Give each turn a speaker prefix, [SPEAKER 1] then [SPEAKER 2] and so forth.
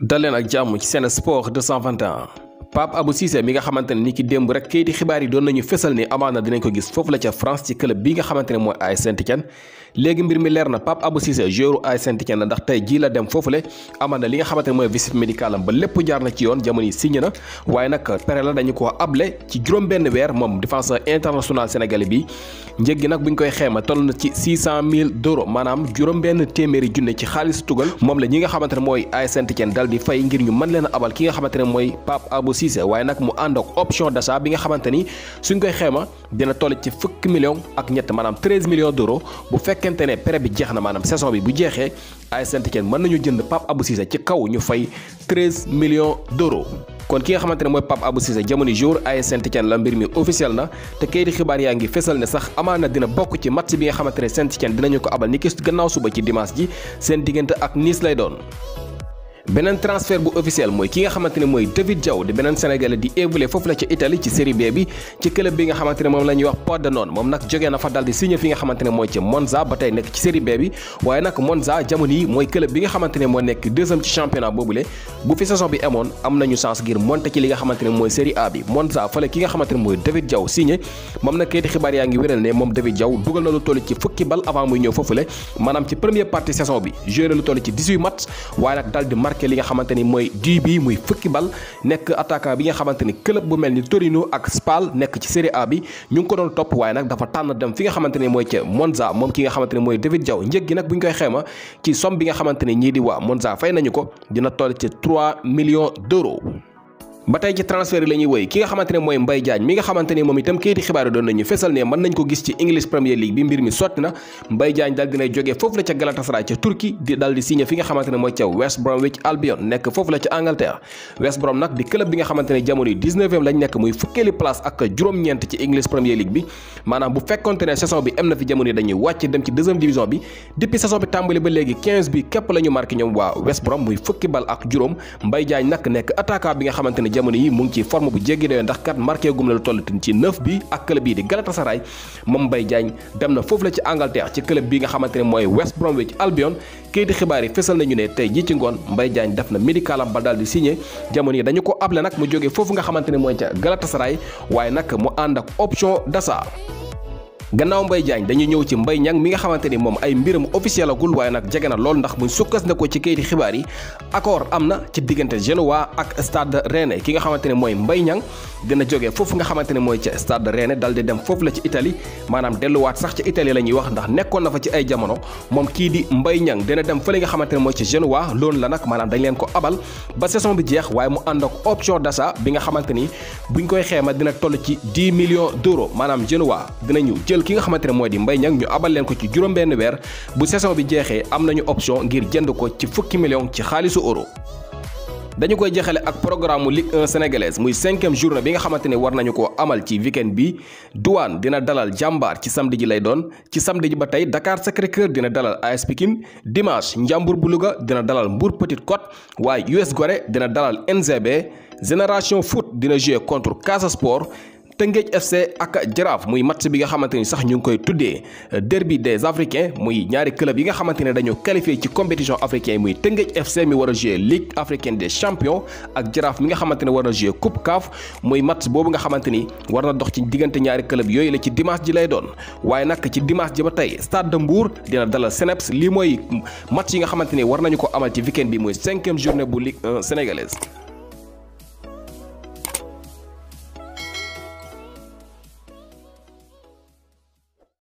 [SPEAKER 1] dal leen ak jàmm ci seen sport 221 Pape Abou Cissé mi nga xamante ni ki démb rek kayiti xibaar yi doon nañu fesal ni amaana dinañ ko gis foofu la ca France ci club bi nga xamante mooy AS Saint-Étienne léegi mbir mi leer na Pape Abou Cissé joueur AS Saint-Étienne ndax tey jii la dem foofule amaana li nga xamante mooy visite médicale ba lépp jaar na ci yoon jamono yi na waaye nag pere la dañu ko able ci juróom benn weer moom défenseur international sénégalais bi njëg gi Cissé waaye nag mu ànd ak option d'achat bi nga xamante ni suñ koy xayma dina toll ci fukki millions ak ñett maanaam 13 millions d'euros bu fekkente ne prêt bi jeex na maanaam saison bi bu jeexee AS Saint-Étienne mën nañu jënd Pape Abou Cissé ci kaw ñu fay 13 millions d'euros. kon ki nga xamante ne mooy Pape Abou Cissé jamono jour AS Saint-Étienne la mbir mi officiel na te kayiti xibaar yaa ngi fesal ne sax amaana dina bokk ci match bi nga xamante ne Saint-Étienne dinañu ko abal ni ki suba ci dimanche ji seen diggante ak Nice lay doon. beneen transfert bu officiel mooy ki nga xamante mooy David Diaw di beneen sénégalais di évoluer foofu la ca Italie ci série B bi ci club bi nga xamante ne moom la ñuy wax Pordenone moom nag jógee na fa dal signé fi nga xamante mooy ci Monza ba tey nekk ci série B bi waaye nag Monza jamono mooy club bi nga xamante ne nekk ci championnat boobule bu fi saison bi amoon am nañu chance ngir monter ci li nga xamante mooy série A bi Monza fële marqué li nga xamante ni mooy du bi muy fukki bal nekk attaquant bi nga xamante ni club bu mel ni Torino ak Spal nekk ci Serie A bi ñu ngi ko doon topp waaye nag dafa tànn dem fi nga xamante ni mooy ca Monza moom ki nga xamante ni mooy David Diaw njëg gi nag bu ñu koy xeema ci somme bi nga xamante ni ñii di waa Monza fay nañu ko dina toll ci 3 millions d'euros ba tey ci transfert yi la woy ki nga xamante moom itam kayiti xibaar yi doon nañu fesal ne mën nañ ko gis ci English Premier League bi mbir mi sotti na Mbaye Diagne daal dinay jógee foofu la ca Galatasaray ca Turquie di daal di fi nga xamante mooy ca West Bromwich Albion nekk foofu la ca Angleterre West Brom nag di club bi nga xamante jamono yi 19 nekk muy fukkeeli place ak juróom-ñeent ci English Premier League bi maanaam bu fekkonte jamono yi mu ngi ci forme bu jéggi dayoo ndax kat marqué gum la lu toll ci neuf bi ak club bii di Galatasaray moom Mbaye Diagne dem na foofu la ci Angleterre ci club bi nga xamante ne mooy West Bromwich Albion kayiti xibaar yi fesal nañu ne tey ji ci ngoon mbay jaañ def na médicalam ba daal di signé jamono yi dañu ko able nag mu jógee foofu nga xamante ne mooy ca Galatasaray waaye nag mu ànd ak option d'achat gannaaw mbay Diagne dañu ñëw ci Mbaye Niang mi nga xamante ni moom ay mbiram officiel agul waaye nag jege na lool ndax buñ sukkas na ko ci kayiti xibaar yi accord am na ci diggante Genoa ak Stade Rennais ki nga xamante ne mooy Mbaye Niang dina jógee foofu nga xamante ne mooy ca Stade Rennais dal di dem foofu la ci itali maanaam delluwaat sax ci Italie la ñuy wax ndax nekkoon na fa ci ay jamono moom kii di mbay Niang dina dem fële nga xamante ne mooy ci Genoa loolu la nag maanaam dañ leen ko abal ba saison bi jeex waaye mu ànd ak option d'achat bi nga xamante ni buñ koy xeema dina toll ci 10 millions d'euros maanaam Genoa dinañu ki nga xamante ne moo di mbay Niang ñu abal leen ko ci juróom-benn weer bu saison bi jeexee am nañu option ngir jënd ko ci fukki million ci xaalisu euro. dañu koy jeexale ak programme mu Ligue 1 muy cinquième journée bi nga xamante ne war nañu ko amal ci weekend bi Douane dina dalal jàmbaar ci samedi ji lay doon ci samedi ji ba tey dakaar sacré dina dalal AS Pikine dimanche Ndiambour bu Louga dina dalal Mbour Petite Côte waaye US Gorée dina dalal NGB Génération Foot dina jouer contre Casa Tëngéej FC ak Jaraaf muy match bi nga xamante ni sax ñu ngi koy tuddee euh, derby des africains muy ñaari club yi nga xamante ne dañoo qualifié ci compétition africaine muy Tëngéej FC mi war a jouer Ligue africaine des champions ak Jaraaf mi nga xamante ne war na jouer Coupe CAF muy match boobu nga xamante ni war na dox ci diggante ñaari club yooyu la ci dimanche ji lay doon waaye nag ci dimanche ji ba tey Stade de mbuur dina dalal Seneps lii mooy match yi nga xamante ni war nañu ko amal ci weekend bi muy cinquième journée bu Ligue sénégalaise